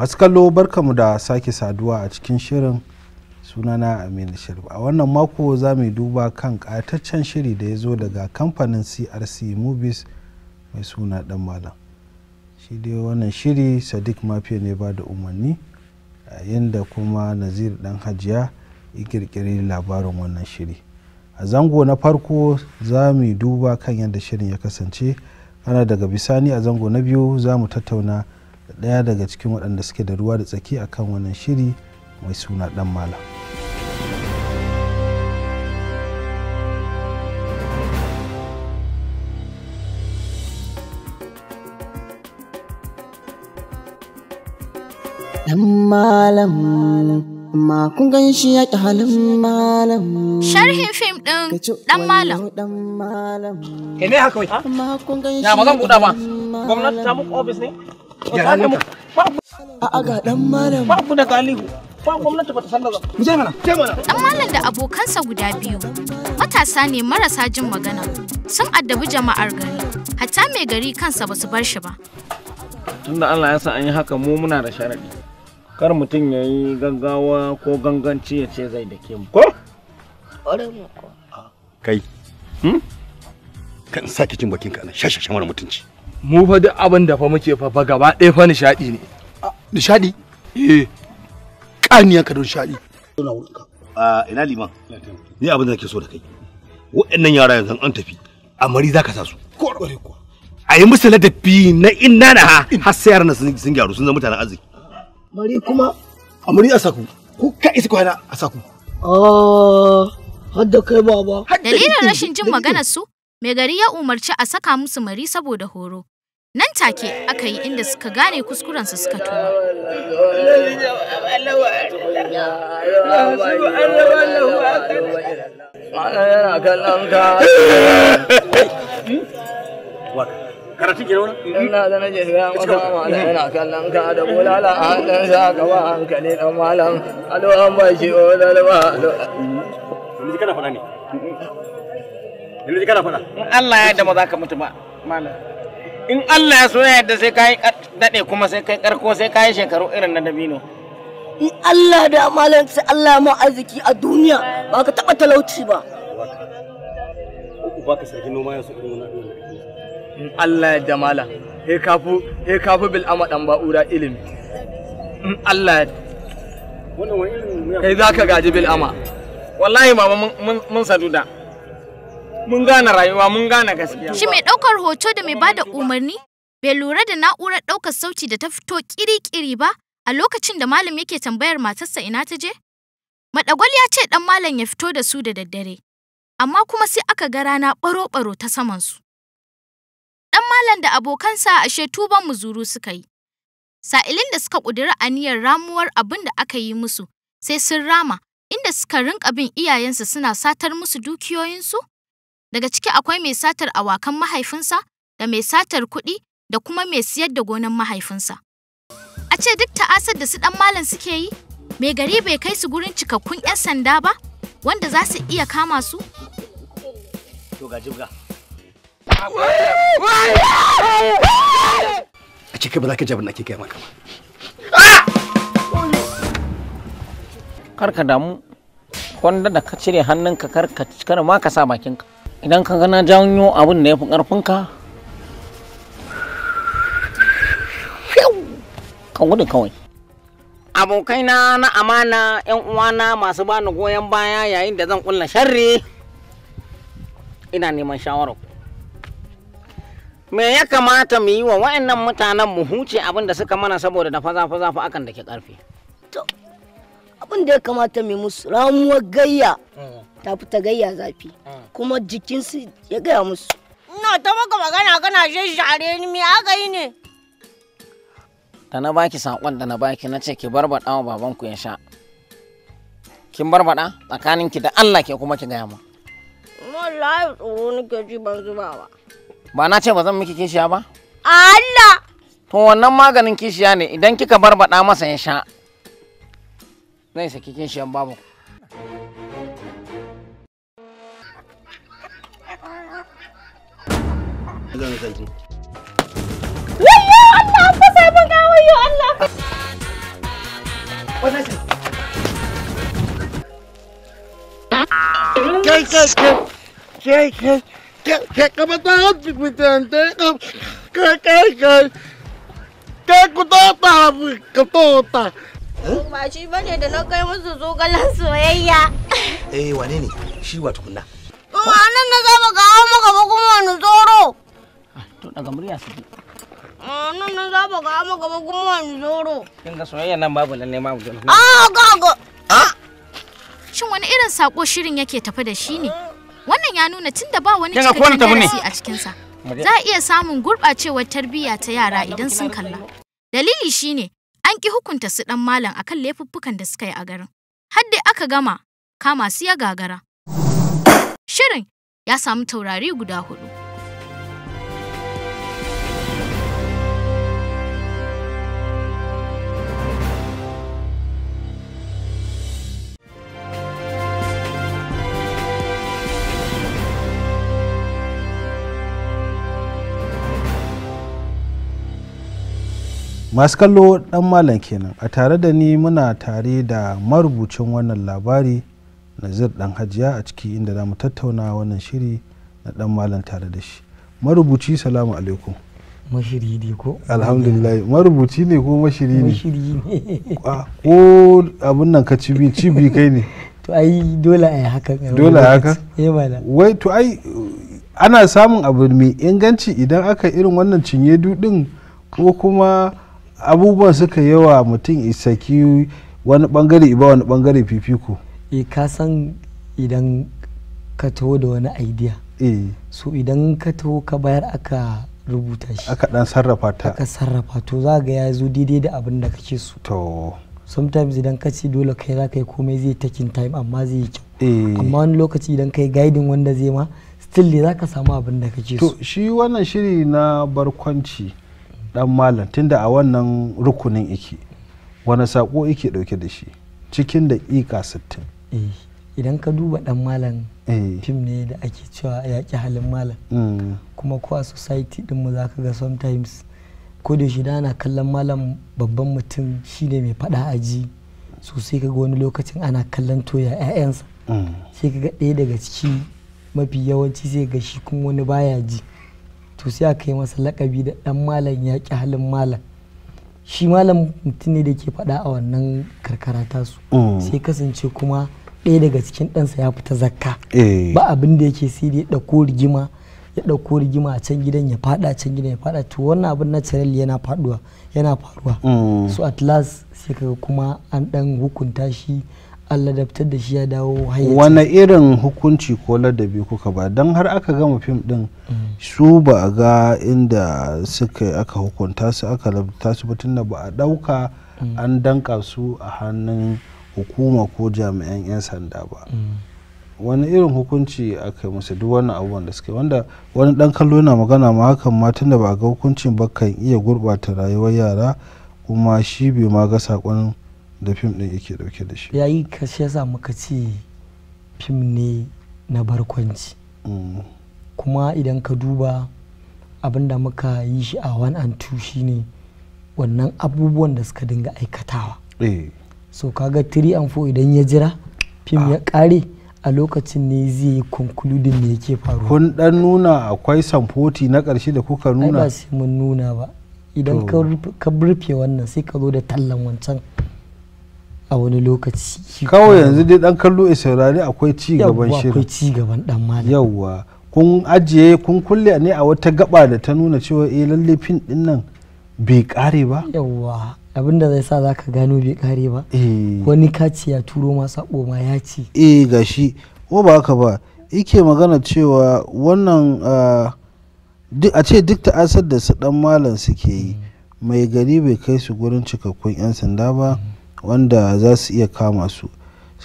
masu kallo barkamu da sake saduwa a cikin shirin sunana aminu sharif a wannan mako za mu duba kan ƙataccen shiri da ya zo daga kamfanin crc movies mai suna dan malam shi dai wannan shiri sadiq mafiya ne ba da umarni yayin da kuma nazir dan hajiya ya kirkiri labarin wannan shiri a zango na farko za mu duba kan yadda shirin ya kasance ana daga bisani a zango na biyu za mu tattauna daya daga cikin waɗanda suke da ruwa da tsaki a kan wannan shiri mai suna ɗan malam ɗan malam ma kun gan shi ya ƙi halin malam sharhin fim ɗin ɗan malam ke ne haka wai ya ma zan buɗa ba gwamnati ta muku ofis ne A'a ga dan malam. da ta san da abokansa guda biyu. Matasa ne marasa jin magana. Sun addabi jama'ar gari. Hatta mai gari kansa ba su bar shi ba. Tunda Allah ya san an yi haka mu muna da sharaɗi. Kar mutum ya yi gaggawa ko ganganci ya ce zai dake mu. Ko? Kai. Hmm? Kan sake cin bakinka nan shashashan wani mutunci. mu fa duk abin da fa muke fa fa gaba ɗaya fa nishaɗi ne nishaɗi eh ƙaniyan ka don nishaɗi a ina liman ni abin da nake so da kai Wa'annan yara yanzu an tafi a mari za ka sa su a yi musu ladabi na inna na ha har sai yaran sun gyaru sun zama mutanen arziki mari kuma a mari a saku ko ka isa kwana a saku ah hadda kai baba dalilin rashin jin maganar su mai gari ya umarci a saka musu mari saboda horo Nan take aka yi inda suka gane kuskurensu suka tuba. Allah ya yi da ma za ka mutu ba malam. in Allah ya so ya yadda sai kai dade kuma sai kai karko sai kai shekaru irin na dabino in Allah da amalan sai Allah mu arziki a duniya ba ka taba talauci ba ba ka sarki noma ya so irin wannan in Allah ya jamala he kafu he kafu bil amadan ba'ura ilimi in Allah ya wannan wani irin kai zaka gaji bil ama wallahi mama mun mun saduda Mun gane rayuwa, mun gane gaskiya. Shi mai ɗaukar hoto da mai bada umarni bai lura da na'urar ɗaukar sauti da ta fito kiri-kiri ba a lokacin da malam yake tambayar matarsa ina ta je? Madagwal ya ce ɗan malam ya fito da su da daddare, amma kuma sai aka ga rana baro-baro ta su Ɗan malam da abokansa ashe tuban muzuru suka yi. Sa'ilin da suka ƙudiri aniyar ramuwar abin da aka yi musu, sai sun rama, inda suka rinka bin iyayensu suna satar musu dukiyoyinsu, Daga ciki akwai mai satar awakan mahaifinsa da mai satar kuɗi da kuma mai siyar da gonan mahaifinsa. A ce duk ta'asar da su ɗan malam suke yi, mai gari bai kai su gurin cikakkun 'yan sanda ba wanda za su iya kama su? a ce kai ba za ka jabin ake gaya maka ba. Karka damu, wanda da ka cire hannunka kar ma ka sa bakinka. idan ka gana janyo abin da ya fi ƙarfinka ka gudu kawai abokaina na amana 'yan uwana masu bani goyon baya yayin da zan kulla sharri ina neman shawarar me ya kamata mu yi wa wa'annan mutanen mu huce abin da suka mana saboda da faza faza fa akan da ke karfi abin da ya kamata mu yi musu ramuwar gayya mm. ta fi ta gayya zafi ah. kuma jikinsu ya gaya musu ina ta maka magana kana share ni me aka yi ne da na baki sakon da na baki na ce ki barbada wa babanku ya sha kin barbada tsakanin ki da Allah ke kuma ki gaya mu wallahi tsoro nake ji ban zubawa ba na ce ba zan miki kishiya ba Allah to wannan maganin kishiya ne idan kika barbada masa ya sha zai saki kishiyan babu zan zan je wayyo Allah an fasa ga wayyo Allah wannan kai kai kai kai kai kai kama ta hapsi fitante kai kai kai kai ku tota ka ba shi bane da na kai musu zogalen soyayya eh wane ne shi wa tukunna to anan na zama ga maka ba kuma wani tsoro to daga murya su ji nan nan za ba ga mu gaba kuma wani zoro kin ga soyayya nan babu lalle ma mu ah shin wani irin sako shirin yake tafi da shi ne wannan ya nuna tunda ba wani cikakken darasi a cikinsa za a iya samun gurɓacewar tarbiyya ta yara idan sun kalla dalili shine an ki hukunta su dan malam akan laifuffukan da suka yi a garin har dai aka gama kama su ya gagara shirin ya samu taurari guda hudu masu kallo dan malam kenan a tare da ni muna tare da marubucin wannan labari nazir dan hajiya a ciki inda za mu tattauna wannan shiri na dan malam tare da shi marubuci salamu alaikum mashiri ne ko alhamdulillah marubuci ne ko mashiri ne mashiri ne ko abin nan ka cibi cibi kai ne to ai dole ai haka dole haka eh, wai to ai ana samun abu mai inganci idan aka irin wannan cinye dudin ko kuma abubuwan suka yawa mutum isaki wani bangare iba wani bangare fifiko e ka san idan ka taho da wani idea eh. so idan ka taho ka bayar aka rubuta shi aka dan sarrafa ta aka sarrafa to za ga ya zo daidai da abin da kake so to sometimes idan ka ci dole kai za ka komai zai taking time amma zai yi kyau eh. amma wani lokaci idan ka yi guiding wanda zai ma still dai za ka samu abin da kake so to shi wannan shiri na barkwanci dan malam tunda a wannan rukunin yake wani sako yake dauke da shi cikin daƙiƙa 60 eh, idan ka duba dan malam eh. fim ne da ake cewa yaƙi halin malam mm. kuma ko a society dinmu za ka ga sometimes ko da shi ana kallon malam babban mutum shine mai faɗa aji sosai ka ga wani lokacin ana kallon toya 'ya'yansa mm. sai ka ga ɗaya daga ciki mafi yawanci sai ga shi kuma wani baya ji to sai aka yi masa lakabi da dan malam ya ki halin malam shi malam mutum ne da ke faɗa a wannan karkara tasu mm. sai kasance kuma ɗaya daga cikin ɗansa ya fita zakka eh. ba abin da yake sai ya ɗauko rigima ya ɗauko rigima a can gidan ya faɗa can gidan ya faɗa to wannan abin na channel yana faɗuwa yana faruwa mm. so at last sai kaga kuma an ɗan hukunta shi Allah dabtar da shi ya dawo hayyaci wani irin hukunci ko ladabi kuka ba don har aka gama fim din su ba a ga inda suka aka hukunta su aka labta su batun ba a dauka an danka su a hannun hukuma ko jami'an 'yan sanda ba wani irin hukunci aka yi musu duk wani abubuwan da suke wanda wani dan kallo na magana ma hakan ma tunda ba ga hukuncin ba kan iya gurbata rayuwar yara kuma shi bai ma ga sakon da fim din yake dauke da shi yayi shi yasa muka ce fim ne na barkwanci mm. kuma idan ka duba abinda muka yi shi a one and two shine wannan abubuwan da suka dinga aikatawa eh. so kaga three and four idan ya jira fim ya kare ah. a lokacin ne zai yi concluding ne yake faru. kun dan nuna akwai samfoti na karshe da kuka nuna ai ba sai mun nuna ba idan ka rufe wannan sai ka zo da tallan wancan a wani lokaci kawai yanzu dai dan kallo ya saurari akwai ci gaban shirin akwai ci gaban dan malam kun ajiye kun kulle ne a wata gaba da ta nuna cewa eh lalle fin din nan bai kare ba abin abinda zai sa zaka gano bai kare ba eh. wani kaci ya turo ma sabo ma ya ci eh gashi ko ba haka ba yake magana cewa wannan ah, a ce duk ta'asar da su dan malam suke yi mm. mai gari bai kai su gurin cikakkun 'yan sanda ba mm. wanda za su iya kama su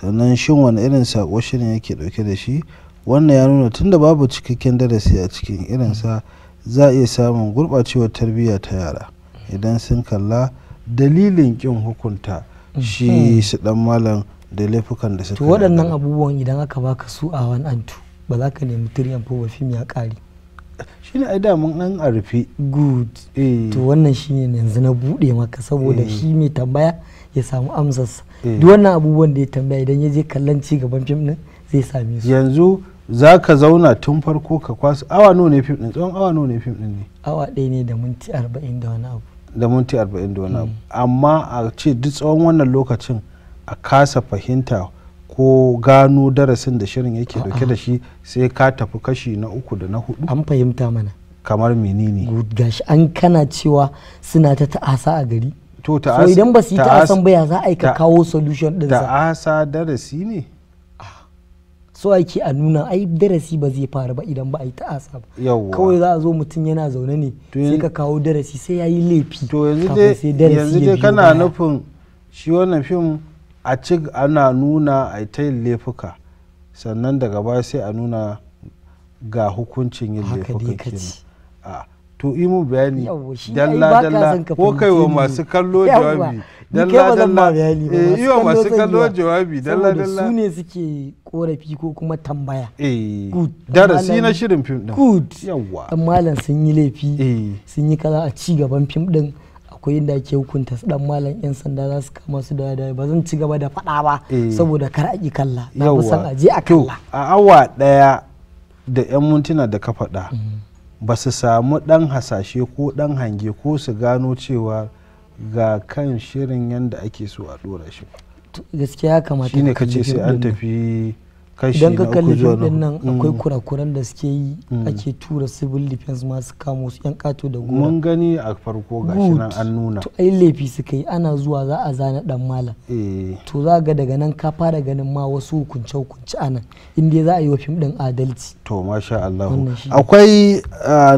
sannan shin wani irin saƙo shirin yake dauke da shi wannan ya nuna tunda babu cikakken darasi a cikin irin sa za a iya samun gurɓacewar tarbiyya ta yara idan sun kalla dalilin kin hukunta shi hmm. su dan malam da laifukan da suka waɗannan abubuwan idan aka baka su a wani antu ba za ka nemi tiriyan ko ba fim ya ƙari ne ai da an a arfi. good eh. to wannan shi ne yanzu na buɗe maka saboda hmm. shi mai tambaya ya samu amsarsa eh. duk wannan abubuwan da ya tambaya idan ya je kallon ci gaban fim din zai same su yanzu za ka zauna tun farko ka kwasu awa nawa ne fim din tsawon awa nawa ne fim din ne awa ɗaya ne da minti arba'in da wani abu da minti arba'in da wani abu mm. amma a ce duk tsawon wannan lokacin a kasa fahimta ko gano darasin da shirin yake dauke da shi sai ka tafi kashi na uku da na hudu an fahimta mana kamar menene gashi an kana cewa suna ta ta'asa a gari to ta so idan ba su yi ta'asan ba ya za a yi ka kawo solution din sa asa darasi ne ah, so ake a nuna ai darasi ba zai faru ba idan ba a yi asa ba kawai za a zo mutum yana zaune ne sai ka kawo darasi sai ya yi laifi to yanzu dai kana nufin shi wannan film a ci ana nuna a ta yin laifuka sannan daga baya sai a nuna ga hukuncin yin laifukan kenan to yi mu bayani dalla dalla ko kai wa masu kallo jawabi dalla dalla eh yi masu kallo jawabi dalla dalla su ne suke korafi ko kuma tambaya eh darasi na shirin fim din good yawa dan malam sun yi laifi eh. sun yi kaza a ci gaban fim din akwai inda ake hukunta su dan malam yan sanda za su kama su da da ba zan ci gaba da fada ba eh. saboda kar a ki kalla na san je a kalla a awa daya da yan mintuna da ka faɗa mhm. ba su samu dan hasashe ko dan hange ko su gano cewa ga kan shirin yadda ake so a ɗora shi gaskiya kamata shine kace sai an tafi idan ka kalli fim nan akwai mm. kurakuran da suke yi mm. ake tura civil defense masu kamo su yan kato da gora mun gani a farko gashi nan an nuna to ai laifi suka yi ana zuwa za a zana dan malam eh. to za ga daga nan ka fara ganin ma wasu hukunce hukunce anan inda za a yi wa fim din adalci to masha Allah akwai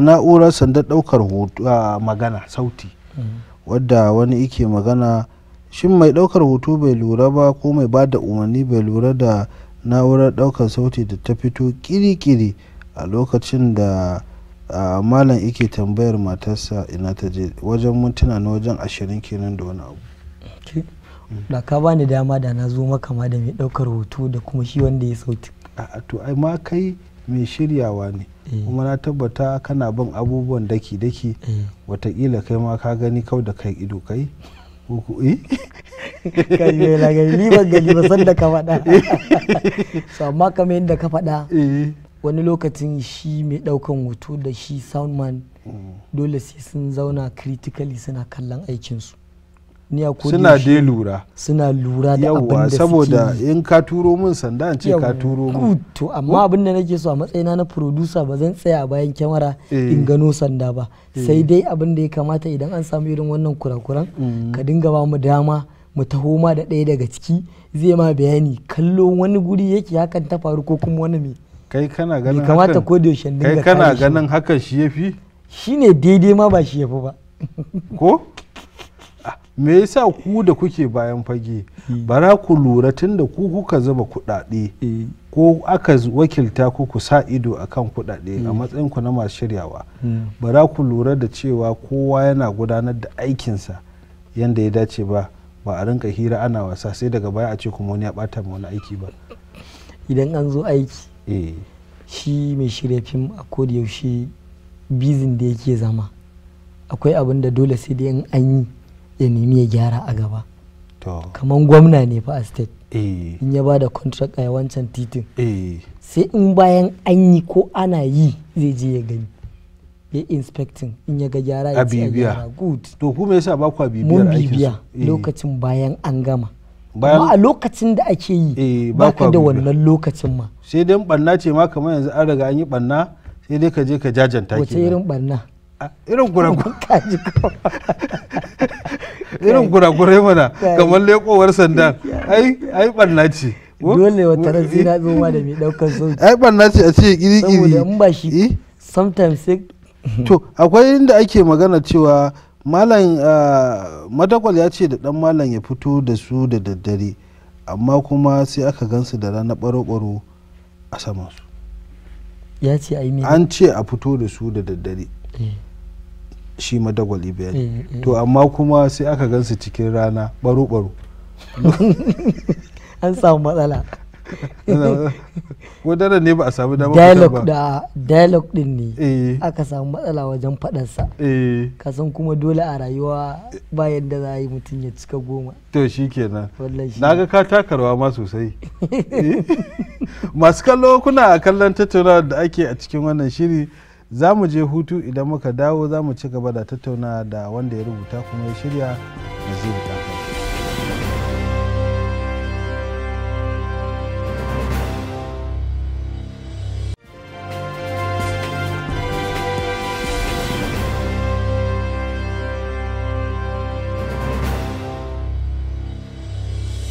na'urar sandar daukar hoto magana sauti mm. wadda wani yake magana shin mai daukar hoto bai lura ba ko mai bada umarni bai lura da na'urar ɗaukar sauti da ta fito kiri kiri a lokacin da malam yake tambayar matarsa ina ta je wajen mintuna na wajen ashirin kenan da wani abu da ka bani dama da na zo maka ma da mai ɗaukar hoto da kuma shi wanda ya sauti a to ai ma kai mai shiryawa ne eh. kuma na tabbata kana bin abubuwan daki-daki eh. watakila kai ma ka gani kau da kai ido kai ko ko eh kai la gani ban gani ba san da ka faɗa so amma kamar yadda ka faɗa eh. wani lokacin shi mai ɗaukan hoto da shi soundman mm. dole sai sun zauna critically suna kallon aikinsu suna dai lura suna lura da abin da saboda in ka turo min sanda an ce ka turo min to amma abin da nake so a matsayina na producer ba zan tsaya bayan kyamara eh. in gano sanda ba eh. sai dai abin da ya kamata idan an samu irin wannan kurakuran mm. ka dinga ba mu dama mu taho ma da ɗaya daga ciki zai ma bayani kallo wani guri yake hakan ta faru ko kuma wani me kai kana ganin hakan kai kana ganin hakan shi yafi shine daidai ma ba shi yafi ba ko me yasa ku da kuke bayan fage eh. bara ku lura tun da ku kuka zuba kudade eh. ko aka wakilta ku ku sa ido akan kudade a hmm. matsayin ku na masu shiryawa hmm. bara ku lura da cewa kowa yana gudanar da aikinsa yadda ya dace ba ba a rinka hira ana wasa sai daga baya a ce kuma wani ya bata wani aiki ba idan an zo aiki eh. shi mai shirya fim a yaushe bizin da yake zama akwai abin da dole sai dai an yi ya nemi ya gyara a gaba kamar gwamna ne fa a state eh. in ya ba da contract a yawancin titin eh. sai in bayan an yi ko ana yi zai je ya gani ya inspecting in ya ga gyara ya ce a gyara good to kuma yasa ba kwa bibiyar mun bibiya eh. lokacin bayan an gama bayan a lokacin da ake yi ba ka da wannan lokacin ma sai dai banna ce ma kamar yanzu an riga an yi banna sai dai ka je ka jajanta ke wace irin banna irin guran kaji irin guragure mana kamar lekowar sandan ai ai barna ce dole wata ran na zo da mai daukar sun ai barna ce a ce kiri kiri saboda in ba shi eh? sometimes sai to akwai inda ake magana cewa malam ah, matakwal ya ce da dan malam ya fito da su da daddare amma kuma sai aka gansu da rana baro-baro a samansu ya ce an ce a fito da su da daddare eh. shi madagwali bayani mm, mm. to amma kuma sai aka gansu cikin rana baro-baro an samu matsala ko ne ba a samu damar dialogue da dialogue din ne eh. aka samu matsala wajen fadarsa eh. ka kuma dole a rayuwa ba yadda za a yi mutum ya cika goma to shi kenan na ga ka takarwa ma sosai masu kallo kuna a kallon tattaunawa da ake a cikin wannan shiri za mu je hutu idan muka dawo za mu ci gaba da tattauna da wanda ya rubuta kuma ya shirya da ɗan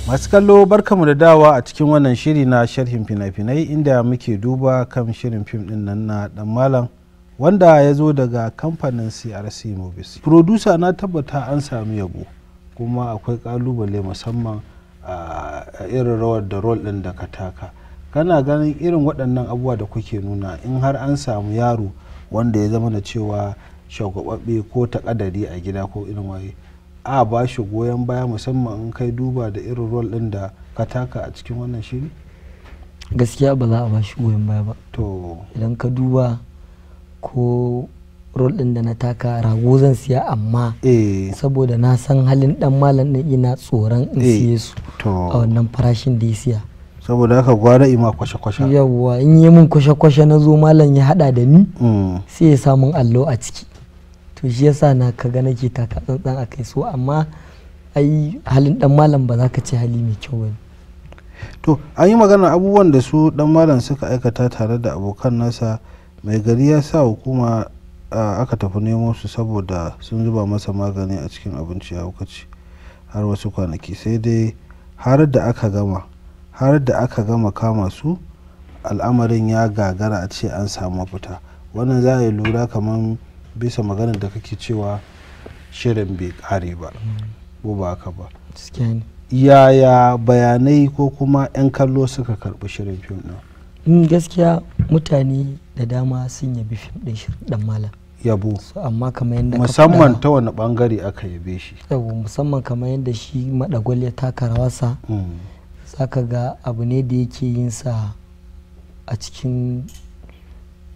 masu kallo barkamu da dawa a cikin wannan shiri na sharhin fina-finai inda muke duba kan shirin fim din nan na dan malam wanda ya zo daga kamfanin crc movies producer na tabbata an sami yabo kuma akwai kalubale musamman a irin rawar da rol ɗin da ka taka kana ganin irin waɗannan abubuwa da kuke nuna in har an samu yaro wanda ya zama na cewa shagwababbe ko takadari a gida ko irin waye a ba shi goyon baya musamman in kai duba da irin role ɗin da ka taka a cikin wannan shiri gaskiya ba za a ba shi goyon baya ba to idan ka duba ko rol ɗin da na taka rago zan siya amma eh. saboda na san halin dan malam ɗin ina tsoron in eh. siye su a wannan farashin da ya siya saboda haka gwara ima kwashe-kwashe yawwa in yi min kwashe-kwashe na zo malam ya hada da ni mm. sai ya samun allo a ciki to shi yasa na kaga nake taka tsantsan a kai so amma ai halin dan malam ba za ka ce hali mai kyau ba to an yi magana abubuwan da su dan malam suka aikata tare da abokan nasa mai gari ya sa hukuma aka tafi nemo su saboda sun zuba masa magani a cikin abinci ya hukaci har wasu kwanaki sai dai har da aka gama har da aka gama kama su al'amarin ya gagara a ce an samu mafita wannan za a yi lura kamar bisa maganar da kake cewa shirin bai kare ba ko ba haka ba yaya bayanai ko kuma 'yan kallo suka karbi shirin fim ɗin in gaskiya mutane da dama sun yabi fim din shirin dan malam yabo amma kamar yadda musamman ta wani bangare aka yabe shi yabo musamman kamar yadda shi madagwal ya taka rawarsa hmm. zaka ga abu ne da yake yin sa a cikin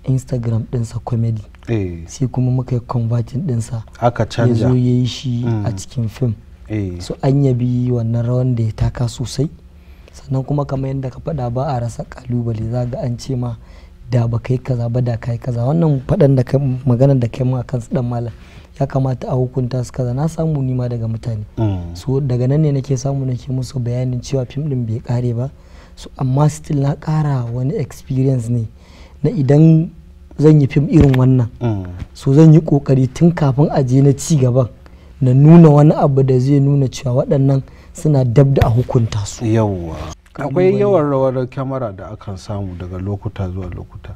instagram dinsa comedy eh. sai kuma muka yi converting dinsa aka canja ya zo yi shi a hmm. cikin fim eh. so an yabi wannan rawan da ya taka sosai sannan kuma kamar yadda ka faɗa ba a rasa kalubale za ga an ce ma da ba kai kaza ba da kai kaza wannan faɗan da maganar da kai ma kan su dan malam ya kamata a hukunta su kaza na samu nima daga mutane mm. so daga nan ne nake samu nake musu bayanin cewa fim din bai kare ba so amma still na kara wani experience ne na idan zan yi fim irin wannan mm. so zan yi kokari tun kafin a je na ci gaban na nuna wani abu da zai nuna cewa waɗannan suna dab da a hukunta su yawa akwai yawan rawar kyamara da aka samu daga lokuta zuwa lokuta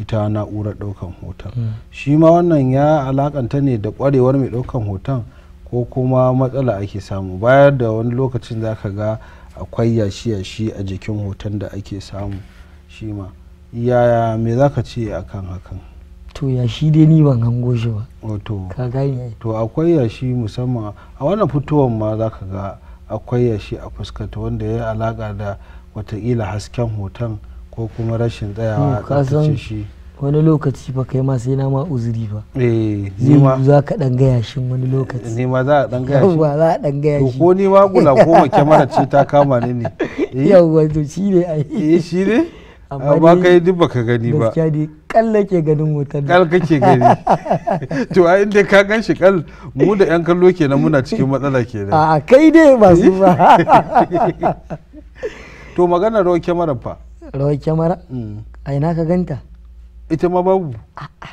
ita na'urar daukan hoton hmm. shi ma wannan ya alakanta ne da kwarewar mai daukan hoton ko kuma matsala ake samu bayar da wani lokacin za ka ga akwai yashi-yashi a jikin hoton da ake samu shi ma yaya me za ka ce akan hakan to yashi dai ni ban hango shi ba to akwai yashi musamman a wannan fitowar ma za ka ga akwai yashi a fuskanta wanda ya yi alaka da watakila hasken hoton ko kuma rashin tsayawa hmm, a tsaftace shi wani lokaci ba kai ma sai na ma uzuri ba eh za ka dan gaya shi wani lokaci ne ma za a dan gaya shi ba za a dan gaya shi ko ni ma gula ko ma kyamara ce ta kama ni ne eh? yawwa to shi ne ai eh shi ne amma yi duk ka gani ba gaskiya dai kalla ke ganin wutar kal kake gani to a inda ka gan shi kal mu da yan kallo kenan muna cikin matsala kenan a kai dai ba su ba to magana rawar kyamara fa rawar kyamara a ina ka ganta ita ma babu a'a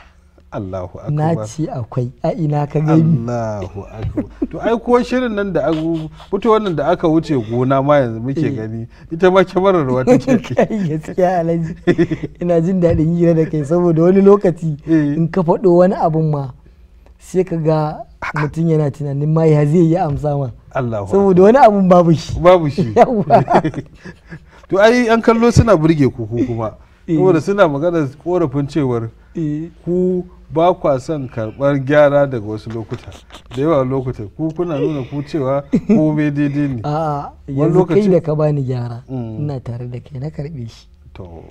Allahu akbar na ce akwai a ina ka gani Allahu akbar to ai ko shirin nan da agu fitowar nan da aka wuce gona ma yanzu muke eh. gani ita ma kyamarar wata ce gaskiya alaji ina jin daɗin hira da kai saboda wani lokaci eh. in ka faɗo wani abun ma sai ka ga mutum yana tunanin ma ya zai yi amsa ma saboda wani abun babu shi babu shi to ai an kallo suna burge ku kuma eh. saboda suna magana korafin cewar ku ba kwa son karbar gyara daga wasu lokuta da yawa lokuta ku kuna nuna ku cewa komai daidai ne a'a yanzu kai da ka bani gyara mm. ina tare da kai na karbe shi to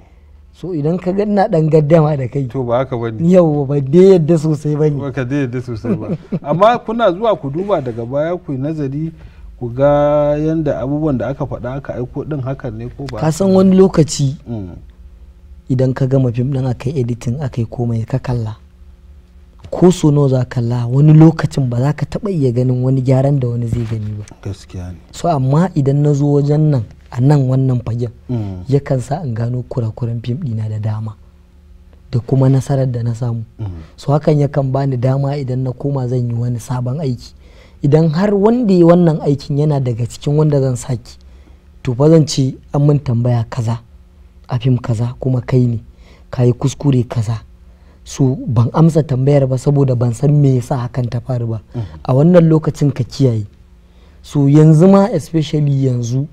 so idan ka ga ina dan gaddama da kai to ba haka bane yau ba da yadda sosai bane ba ka da yadda sosai ba amma kuna zuwa ku duba daga baya ku nazari ku ga yanda abubuwan da aka faɗa aka aiko din hakan ne ko ba ka san wani lokaci mm. idan ka gama fim din aka editing aka yi komai ka kalla ko so nawa za ka la wani lokacin ba za ka taɓa iya ganin wani gyaran da wani zai gani ba gaskiya ne so amma idan na zo wajen nan a nan wannan fagen mm. yakan sa in gano kurakuran fim ɗina da dama da kuma nasarar da na samu mm. so hakan yakan bani dama idan na koma zan yi wani sabon aiki idan har wanda ya wannan aikin yana daga cikin wanda zan saki to fa zan ce an mun tambaya kaza a fim kaza kuma kai ne ka yi kuskure kaza su ban amsa tambayar ba saboda ban san me yasa hakan ta faru ba a wannan lokacin ka kiyaye su yanzu ma especially yanzu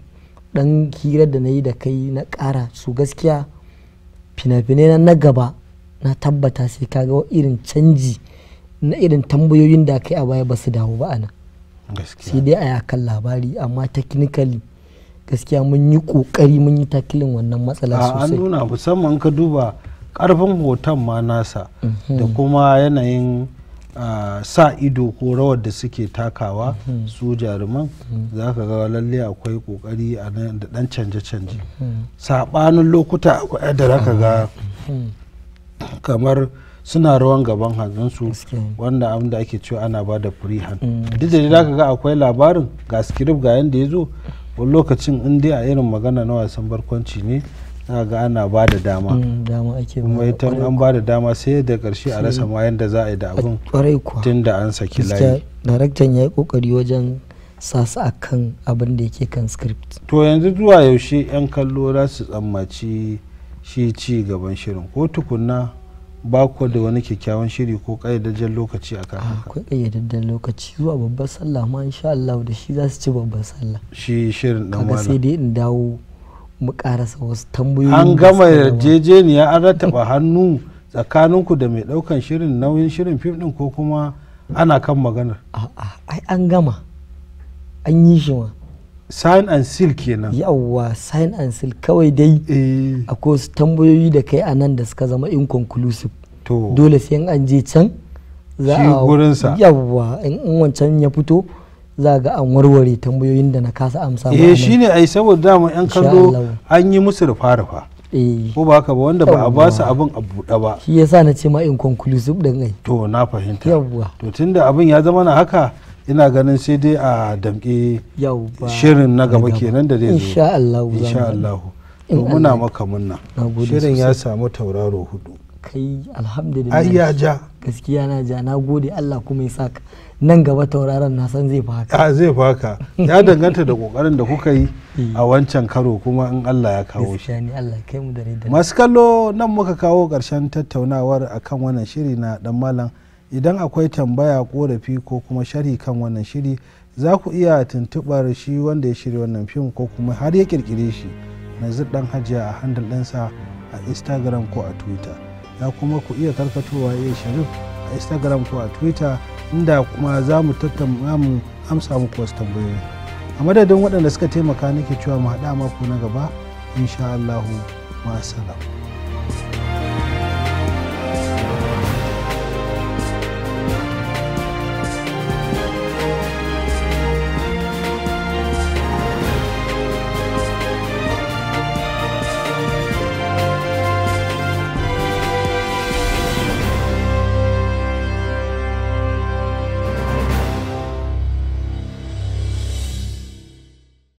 dan hira da na yi da kai na kara su gaskiya fina-finai na gaba na tabbata sai ka ga irin canji na irin tambayoyin da kai a baya ba su dawo ba ana sai dai a yakan labari amma technically gaskiya mun yi kokari mun yi takilin wannan matsala sosai an nuna musamman ka duba karfin hoton ma nasa mhm. da kuma yanayin sa ido ko rawar da suke takawa mhm. su jaruman mhm. za ka ga lalle akwai kokari a nan da dan canje-canje saɓanin lokuta akwai da ka ga kamar suna rawan gaban hannunsu wanda abin da ake cewa ana ba da free hand duk da za ka ga akwai labarin ga script ga yanda ya zo wani lokacin in dai a irin magana na wasan barkwanci ne ga ana ba da dama mm, kuma ita an ba da dama sai da karshe a rasa mm. ma yadda za a yi da abin tun da an saki layi daraktan ya yi kokari wajen sa su a kan abin da yake kan script to yanzu zuwa yaushe 'yan kallo za su tsammaci shi ci gaban shirin ko tukunna ba ku da wani kyakkyawan shiri ko ƙayyadajjen lokaci a kan haka akwai ƙayyadajjen lokaci zuwa babbar sallah ma insha Allah da shi za su ci babbar sallah shi shirin dan wala kaga sai dai in dawo mu karasa wasu tambayoyi an gama yarjejeniya an rattaba hannu tsakaninku da mai daukan shirin nauyin shirin fim din ko kuma ana kan maganar ai an gama an yi shi ma sign and seal kenan yawwa sign and seal kawai dai eh. akwai wasu tambayoyi da kai a nan da suka zama inconclusive dole sai an je can za a yawwa in wancan ya fito za ga an warware tambayoyin da na kasa amsa eh shine ai saboda dama yan kallo an yi musu rufa rufa eh. ko ba haka ba wanda ba a ba su abin a buɗe ba shi yasa na ce ma in conclusive din ai to na fahimta yawwa to tunda abin ya zama na haka ina ganin sai dai a damƙe shirin na gaba kenan da zai zo insha Allah insha Allah to muna maka munna shirin ya samu tauraro hudu kai alhamdulillah ai ya ja gaskiya na ja na gode Allah kuma ya saka nan gaba tauraron na san zai faka ah, zai faka ya danganta da kokarin da kuka yi eh. a wancan karo kuma in Allah ya kawo shi masu kallo nan muka kawo karshen tattaunawar akan wannan shiri na dan malam idan akwai tambaya korafi ko kuma sharhi kan wannan shiri za ku iya tuntubar shi wanda ya shirya wannan fim ko kuma har ya kirkire shi na dan hajiya a handal ɗinsa a instagram ko a twitter ya kuma ku iya karkatowa ya eh, sharif a instagram ko a twitter inda kuma za mu amsa muku wasu tambayoyi a madadin waɗanda suka taimaka nake cewa mu haɗa mako na gaba insha Allahu salam.